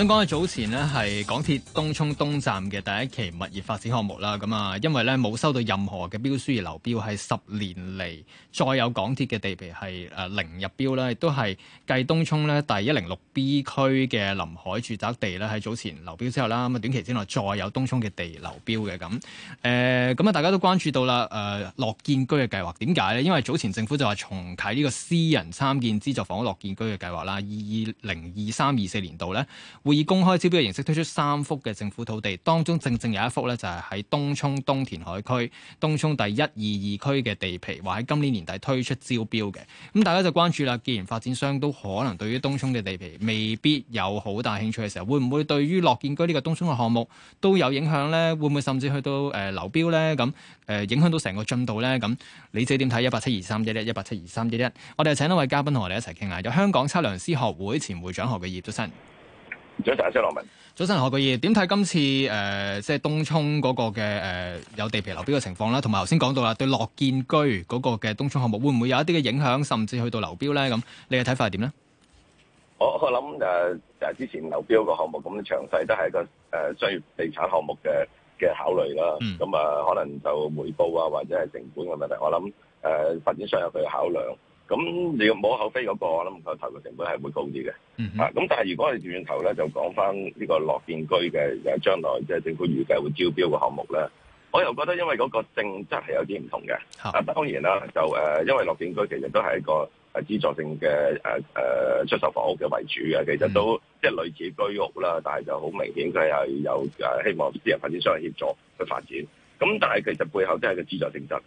香港嘅早前呢，係港鐵東涌東站嘅第一期物業發展項目啦。咁啊，因為咧冇收到任何嘅標書而流標，係十年嚟再有港鐵嘅地皮係誒零入標啦。亦都係繼東涌咧第一零六 B 區嘅臨海住宅地咧，喺早前流標之後啦。咁啊，短期之內再有東涌嘅地流標嘅咁誒，咁、呃、啊，大家都關注到啦。誒、呃，樂建居嘅計劃點解呢？因為早前政府就話重啟呢個私人參建資助房屋樂建居嘅計劃啦。二零二三、二四年度咧。會以公開招標嘅形式推出三幅嘅政府土地，當中正正有一幅呢，就係喺東涌東填海區東涌第一二二區嘅地皮，話喺今年年底推出招標嘅。咁、嗯、大家就關注啦。既然發展商都可能對於東涌嘅地皮未必有好大興趣嘅時候，會唔會對於樂建居呢個東涌嘅項目都有影響呢？會唔會甚至去到誒、呃、流標呢？咁誒、呃、影響到成個進度呢？咁你自己點睇？一八七二三一一一八七二三一一，我哋請一位嘉賓同我哋一齊傾下，有香港測量師學會前會長學嘅何鉅業。想就一聲落民。早晨，何鉅業，點睇今次誒即係東涌嗰個嘅誒有地皮流標嘅情況啦，同埋頭先講到啦，對樂建居嗰個嘅東涌項目，會唔會有一啲嘅影響，甚至去到流標咧？咁你嘅睇法係點咧？我我諗誒誒，之前流標個項目咁詳細，都係一個誒商業地產項目嘅嘅考慮啦。咁啊，可能就回報啊，或者係成本嘅問題，我諗誒發展商有佢嘅考量。咁你冇口飛嗰、那個，我諗佢投嘅成本係會高啲嘅、嗯。啊，咁但係如果你轉頭咧，就講翻呢個樂建居嘅將來即係政府預計會招標嘅項目咧，我又覺得因為嗰個性質係有啲唔同嘅。啊，當然啦，就、呃、因為樂建居其實都係一個誒資助性嘅、呃、出售房屋嘅為主嘅，其實都、嗯、即係類似居屋啦，但係就好明顯佢係有希望私人發展商協助去發展。咁、嗯、但係其實背後都係個資助性質。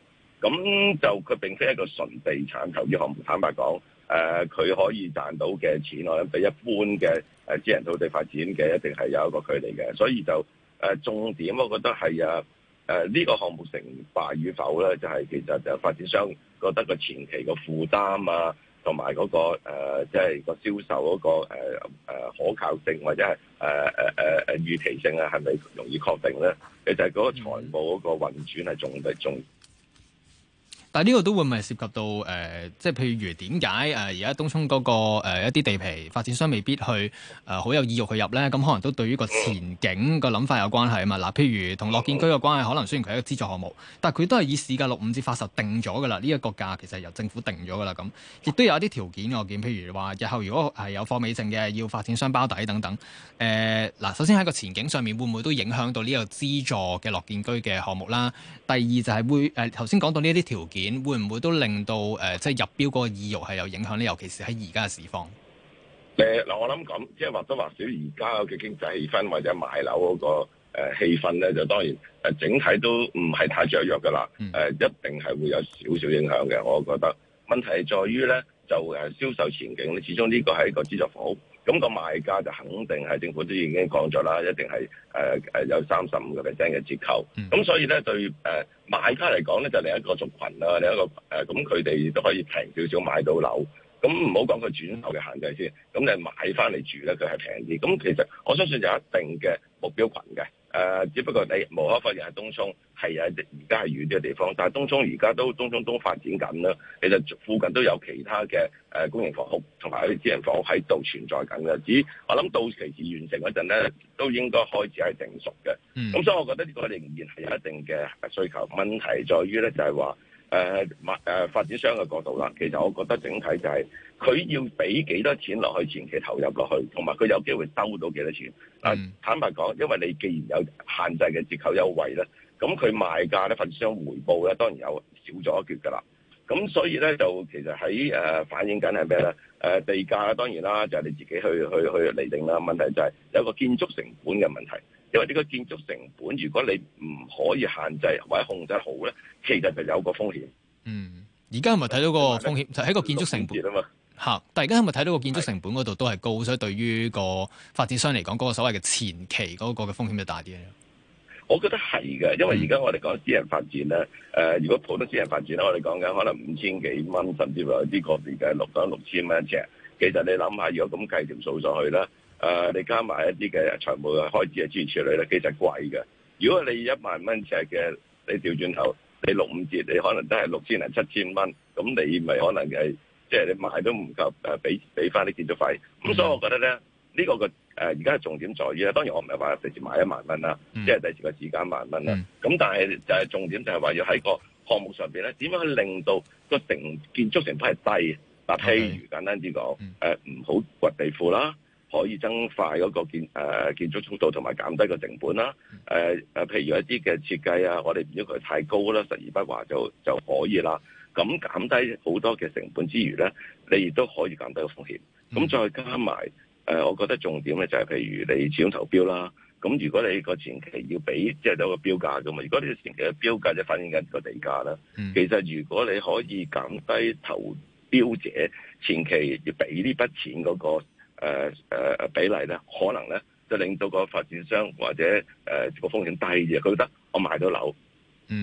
咁就佢並非一個純地產投資項目，坦白講，佢、呃、可以賺到嘅錢，我諗比一般嘅誒私人土地發展嘅一定係有一個距離嘅，所以就、呃、重點，我覺得係啊呢個項目成敗與否咧，就係、是、其實就發展商覺得個前期個負擔啊，同埋嗰個即係、呃就是、個銷售嗰、那個誒、呃、可靠性或者係誒預期性啊，係咪容易確定咧？其實嗰個財務嗰個運轉係仲係仲。嗯但係呢個都會唔係涉及到誒，即、呃、係譬如點解誒而家東涌嗰、那個、呃、一啲地皮發展商未必去誒好、呃、有意欲去入呢？咁可能都對於個前景個諗法有關係啊嘛！嗱、呃，譬如同樂建居嘅關係，可能雖然佢係一個資助項目，但係佢都係以市價六五至八十定咗㗎啦，呢、這、一個價其實係由政府定咗㗎啦。咁亦都有一啲條件我見，譬如話日後如果係有貨尾剩嘅，要發展商包底等等。誒、呃、嗱、呃，首先喺個前景上面會唔會都影響到呢個資助嘅樂建居嘅項目啦？第二就係會誒頭先講到呢一啲條件。會唔會都令到誒、呃，即係入標個意欲係有影響咧？尤其是喺而家嘅市況。誒，嗱，我諗咁，即係或多或少，而家嘅經濟氣氛或者買樓嗰個誒氣氛咧，就當然誒、呃、整體都唔係太雀躍噶啦。誒、呃，一定係會有少少影響嘅，我覺得。問題在於咧，就誒銷售前景，你始終呢個係一個資助房屋。咁、個賣家就肯定係政府都已經講咗啦，一定係、呃、有三十五個 percent 嘅折扣。咁、嗯、所以咧對誒買、呃、家嚟講咧，就另一個族群啦，另一個誒、咁佢哋都可以平少少買到樓。咁唔好講佢轉售嘅限制先，咁你買翻嚟住咧，佢係平啲。咁其實我相信有一定嘅目標群嘅。誒、呃，只不過你無可否認係東涌係啊，而家係遠嘅地方，但係東涌而家都東涌都發展緊啦。其實附近都有其他嘅誒公營房屋同埋啲私人房屋喺度存在緊嘅。只我諗到期至完成嗰陣咧，都應該開始係成熟嘅。咁、嗯、所以我覺得呢個仍然係有一定嘅需求。問題在於咧，就係、是、話。誒物誒發展商嘅角度啦，其實我覺得整體就係、是、佢要俾幾多錢落去前期投入過去，同埋佢有機會收到幾多錢，嗯。坦白講，因為你既然有限制嘅折扣優惠咧，咁佢賣價咧發展商回報咧，當然有少咗一橛噶啦。咁所以咧就其實喺、呃、反映緊係咩咧？地價當然啦，就係、你自己去去去釐定啦。問題就係有個建築成本嘅問題，因為呢個建築成本如果你唔可以限制或者控制好咧，其實就有個風險。嗯，而家係咪睇到個風險？就喺個建築成本啊嘛。嚇！但係而家係咪睇到個建築成本嗰度都係高，所以對於個發展商嚟講，嗰、嗰個所謂嘅前期嗰個嘅風險就大啲咧？我覺得係嘅，因為而家我哋講私人發展咧，誒、呃，如果普通私人發展咧，我哋講緊可能五千幾蚊，甚至乎一啲個別嘅六到六千蚊尺，其實你諗下，如果咁計條數上去啦，誒、呃，你加埋一啲嘅財務嘅開支嘅支出咧，其實係貴嘅。如果你 1, 一萬蚊尺嘅，你調轉頭你六五折，你可能都係六千零七千蚊，咁你咪可能係即係你賣都唔夠誒，俾俾翻啲建築費。咁所以我覺得咧，呢、呢個嘅。誒而家係重點在於，當然我唔係話直接買一萬蚊啦、嗯，即係第二個時間一萬蚊啦。咁、嗯、但係就係重點就係話要喺個項目上邊咧，點樣去令到個成建築成本係低？嗱、okay, 啊，譬如簡單啲講，誒唔好掘地庫啦，可以增快嗰個建誒、呃、建築速度，同埋減低個成本啦。誒、嗯、誒，譬、呃、如一啲嘅設計啊，我哋唔要求太高啦，實而不華就就可以啦。咁減低好多嘅成本之餘咧，你亦都可以減低個風險。咁、嗯、再加埋。誒、呃，我覺得重點咧就係譬如你始終投標啦，咁如果你個前期要俾，即係有個標價噶嘛，如果你個前期嘅標價就反映緊個地價啦、嗯，其實如果你可以減低投標者前期要俾呢筆錢嗰、那個誒誒、呃呃、比例咧，可能咧就令到個發展商或者誒個、呃、風險低嘅。佢覺得我買到樓。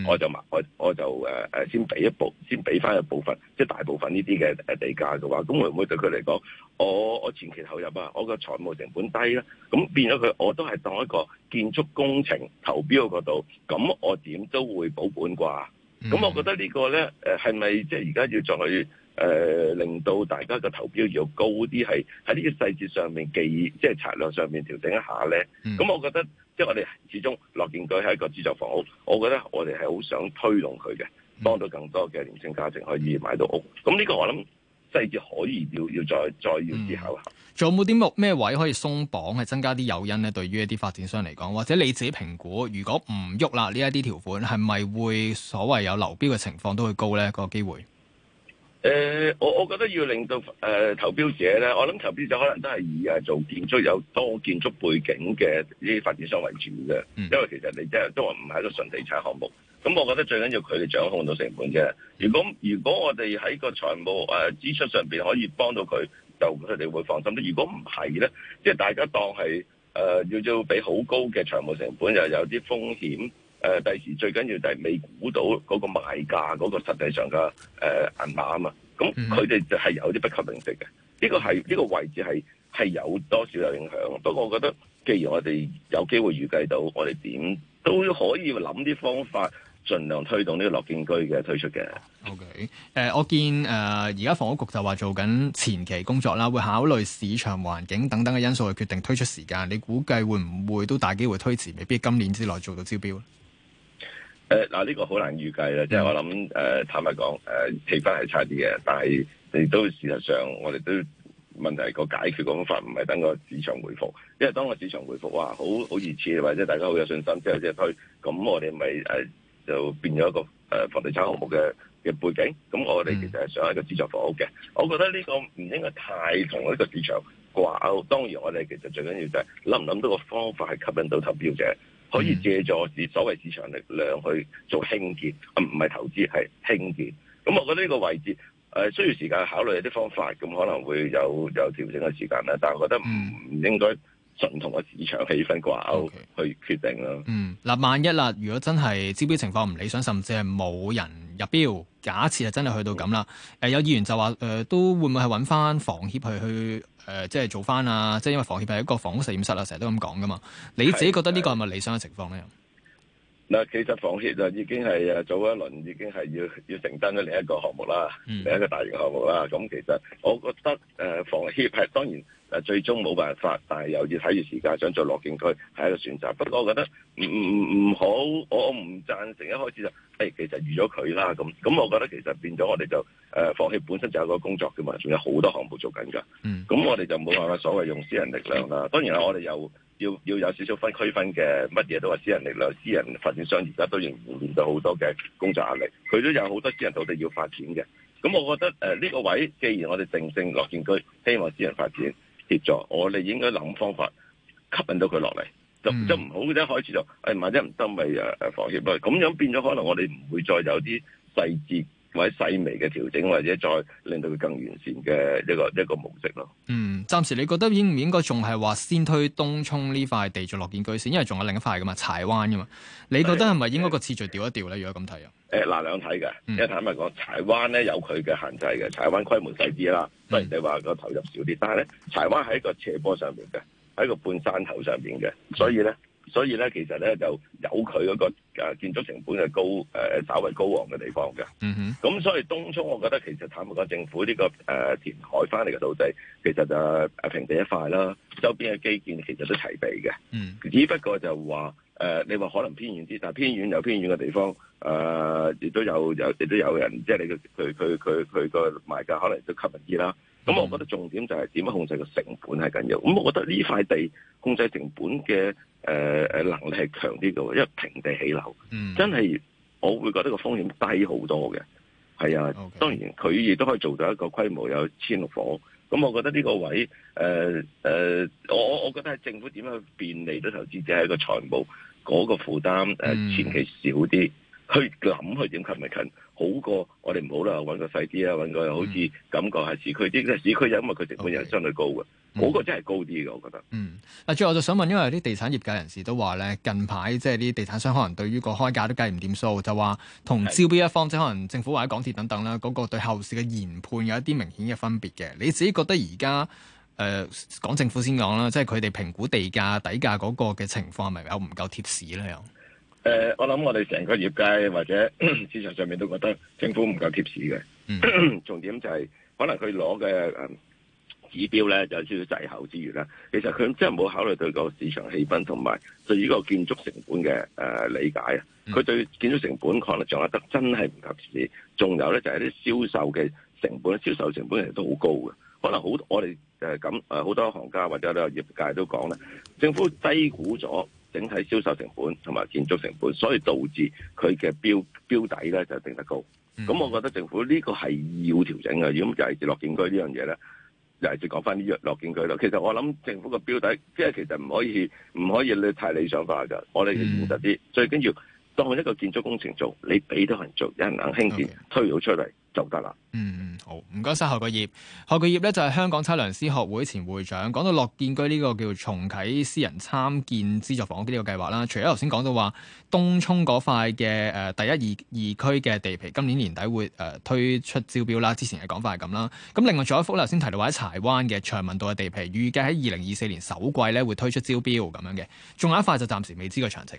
我就我我就誒誒先俾一部先俾翻一部分，即係大部分呢啲嘅誒地價嘅話，咁會唔會對佢嚟講，我我前期投入啊，我個財務成本低咧、啊，咁變咗佢我都係當一個建築工程投標嗰度，咁我點都會保本啩、啊？咁、嗯、我覺得個呢個咧，係咪即係而家要再誒、呃、令到大家嘅投標要高啲，係喺呢啲細節上面記，即係策略上面調整一下咧？咁、嗯、我覺得，即係我哋始終樂建居係一個資助房屋，我覺得我哋係好想推動佢嘅，幫到更多嘅年輕家庭可以買到屋。咁呢個我諗。即係要可以要要再再要之後，仲、嗯、有冇啲乜咩位可以鬆綁，係增加啲誘因呢？對於一啲發展商嚟講，或者你自己評估，如果唔喐啦呢一啲條款，係咪會所謂有流標嘅情況都會高呢？呢個機會？誒、呃，我我覺得要令到誒、呃、投標者咧，我諗投標者可能都係以啊做建築有多建築背景嘅呢啲發展商為主嘅、嗯，因為其實你即係都話唔係一個純地產項目。咁我覺得最緊要佢哋掌控到成本啫。如果如果我哋喺個財務誒、呃、支出上邊可以幫到佢，就佢哋會放心啲。如果唔係咧，即係大家當係誒、呃、要要俾好高嘅財務成本，又有啲風險。誒第時最緊要就係未估到嗰個賣價嗰、嗰個實際上嘅誒銀碼啊嘛。咁佢哋就係有啲不確定性嘅。呢、這個係呢、這個位置係係有多少有影響。不過我覺得，既然我哋有機會預計到，我哋點都可以諗啲方法。盡量推動呢個樂建居嘅推出嘅。O K，誒，我見誒而家房屋局就話做緊前期工作啦，會考慮市場環境等等嘅因素去決定推出時間。你估計會唔會都大機會推遲？未必今年之內做到招標。誒、呃，嗱，呢個好難預計啦。即係我諗誒、呃，坦白講誒、呃，氣氛係差啲嘅。但係亦都事實上我，我哋都問題個解決方法唔係等個市場回復。因為當個市場回復，哇，好好熱切，或者大家好有信心之後即係推，咁我哋咪誒。呃就變咗一個誒房地產項目嘅嘅背景，咁我哋其實係想係一個資助房屋嘅，我覺得呢個唔應該太同呢個市場掛鈎。當然，我哋其實最緊要就係諗唔諗到個方法係吸引到投標者，可以借助市所謂市場力量去做興建，唔唔係投資係興建。咁我覺得呢個位置誒、呃、需要時間考慮一啲方法，咁可能會有有調整嘅時間啦。但係我覺得唔唔應該。同個市場氣氛掛鈎去決定咯。Okay. 嗯，嗱，萬一啦，如果真係招標情況唔理想，甚至係冇人入標，假設係真係去到咁啦。誒、嗯呃，有議員就話誒、呃，都會唔會係揾翻房協去去誒、呃，即係做翻啊？即係因為房協係一個房屋實驗室啊，成日都咁講㗎嘛。你自己覺得呢個係咪理想嘅情況咧？嗱，其實房協就已經係誒早一輪，已經係要要承擔咗另一個項目啦、嗯，另一個大型項目啦。咁其實我覺得誒，房協係當然。最終冇辦法，但係又要睇住時間，想做樂建居係一個選擇。不過我覺得唔唔唔好，我唔贊成一開始就誒、哎，其實預咗佢啦咁。咁我覺得其實變咗我哋就誒放棄本身就係嗰個工作嘅嘛，仲有好多項目做緊㗎。咁、嗯、我哋就冇話法所謂用私人力量啦。當然係、啊、我哋又要要有少少分區分嘅，乜嘢都話私人力量。私人發展商而家都仍然面對好多嘅工作壓力，佢都有好多私人土地要發展嘅。咁我覺得誒呢、呃這個位，既然我哋定性樂建居，希望私人發展。協助我哋應該諗方法吸引到佢落嚟，就唔唔好嘅一開始就，誒，萬一唔得咪誒誒放棄咯，咁樣變咗可能我哋唔會再有啲細節。或者細微嘅調整，或者再令到佢更完善嘅一個一個模式咯。嗯，暫時你覺得應唔應該仲係話先推東涌呢塊地做樂建居先？因為仲有另一塊噶嘛，柴灣噶嘛。你覺得係咪應該個次序調一調咧、呃？如果咁睇啊？誒、呃，嗱兩睇嘅。一睇咪講柴灣咧，有佢嘅限制嘅，柴灣規模細啲啦，不、嗯、如你話個投入少啲。但係咧，柴灣喺一個斜坡上邊嘅，喺一個半山頭上邊嘅，所以咧。所以咧，其實咧就有佢嗰個建築成本嘅高稍微高昂嘅地方嘅。嗯、mm-hmm. 咁所以東涌，我覺得其實坦白講，政府呢個填海翻嚟嘅土地，其實就平地一塊啦。周邊嘅基建其實都齊備嘅。嗯、mm-hmm。只不過就話、呃、你話可能偏遠啲，但偏遠有偏遠嘅地方，誒、呃、亦都有有亦都有人，即係你佢佢佢佢個賣價可能都吸引啲啦。咁、嗯、我覺得重點就係點樣控制個成本係緊要。咁我覺得呢塊地控制成本嘅、呃、能力係強啲嘅，因為平地起樓，嗯，真係我會覺得個風險低好多嘅。係啊，okay. 當然佢亦都可以做到一個規模有千六房。咁我覺得呢個位、呃呃、我我我覺得係政府點樣去便利到投資者係一個財務嗰、嗰個負擔、呃、前期少啲，去諗去點近咪近。好過我哋唔好啦，搵個細啲呀，搵個好似、嗯、感覺喺市區啲，即市區因為佢成本又相對高嘅、嗯，好過真係高啲嘅，我覺得。嗯，最後我就想問，因為啲地產業界人士都話咧，近排即係啲地產商可能對於個開價都計唔掂數，就話同招標一方，即係可能政府或者港鐵等等啦，嗰、嗰個對後市嘅研判有一啲明顯嘅分別嘅。你自己覺得而家誒，講政府先講啦，即係佢哋評估地價底價嗰個嘅情況係咪有唔夠貼市咧？誒、呃，我諗我哋成個業界或者市場上面都覺得政府唔夠貼市嘅、嗯， 重點就係、是、可能佢攞嘅指標咧有少少滯後之餘啦，其實佢真係冇考慮對個市場氣氛同埋對於個建築成本嘅誒、呃、理解啊，佢、嗯、對建築成本可能掌握得真係唔及時，仲有咧就係、是、啲銷售嘅成本，銷售成本其實都好高嘅，可能好我哋誒咁誒好多行家或者有業界都講咧，政府低估咗。整體銷售成本同埋建築成本，所以導致佢嘅標標底咧就定得高。咁、嗯、我覺得政府呢個係要調整嘅。如果唔係就係樂建居這件事呢樣嘢咧，又係接講翻呢樣樂建居咯。其實我諗政府嘅標底，即係其實唔可以唔可以你太理想化㗎，我哋現實啲。所以跟住當一個建築工程做，你俾到人做，有人肯興建，okay. 推到出嚟。就得啦。嗯嗯，好，唔該晒何鉅業，何鉅業咧就係香港測量師學會前會長。講到樂建居呢個叫重啟私人參建資助房屋呢個計劃啦。除咗頭先講到話東涌嗰塊嘅誒，第一二二區嘅地皮，今年年底會誒，推出招標啦。之前嘅講法係咁啦。咁另外仲有一幅啦，頭先提到話喺柴灣嘅祥民道嘅地皮，預計喺二零二四年首季咧會推出招標咁樣嘅。仲有一塊就暫時未知個詳情嘅。